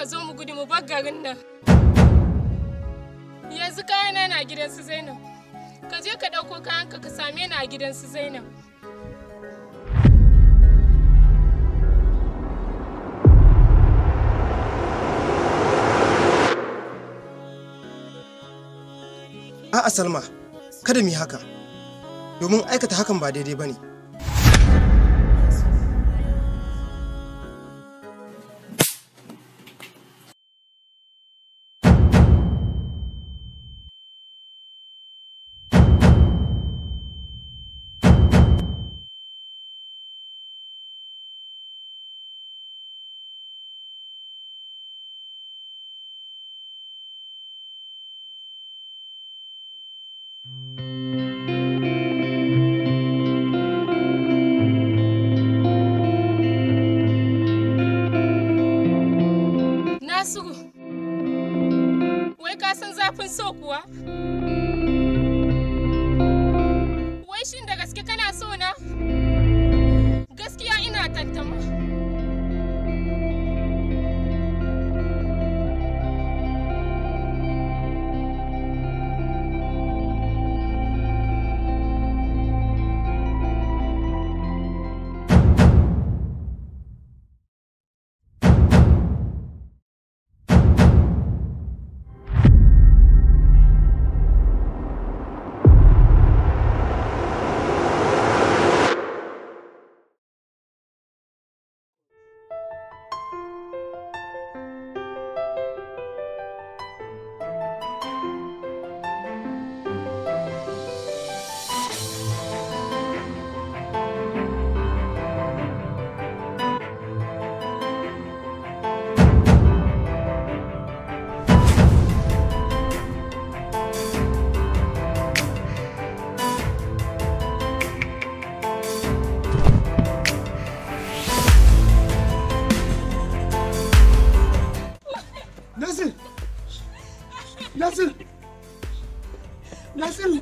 ka zo mu gudu mu bar garin nan yanzu kayana na gidan su zainab ka je ka ɗauko kayanka ka same ni a gidan su zainab A'a Salma, kada mu yi haka, domin aikata hakan ba daidai ba ne. pessoa ah? kuwa Nasıl? Nasıl? Nasıl? Nasıl?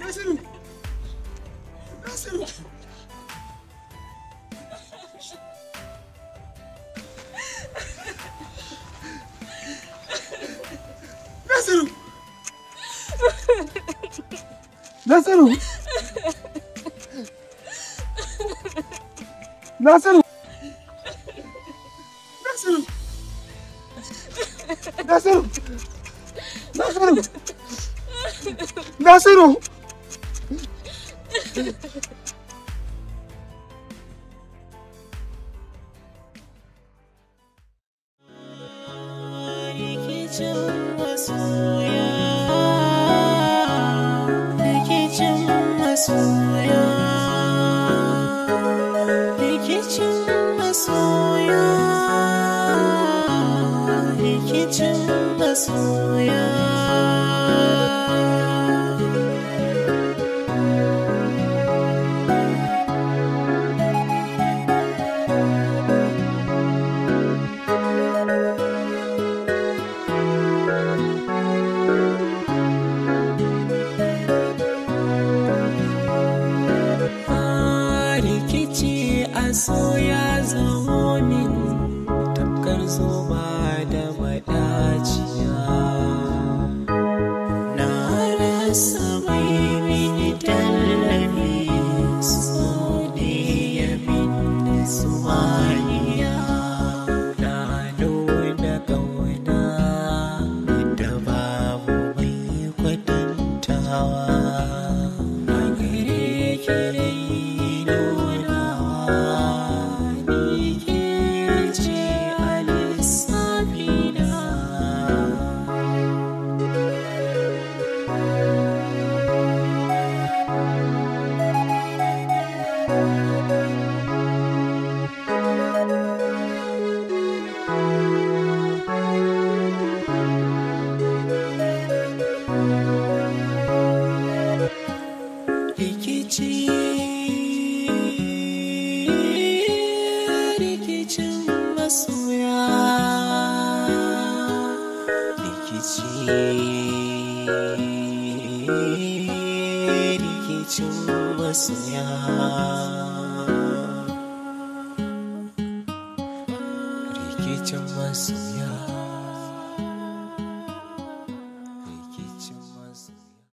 Nasıl? Nasıl? Nasıl? Nasir. Nasir. Nasir. Nasir. Nasir. Thank için nasıl ya? So. coração. masoya rikici rikicin masoya rikicin masoya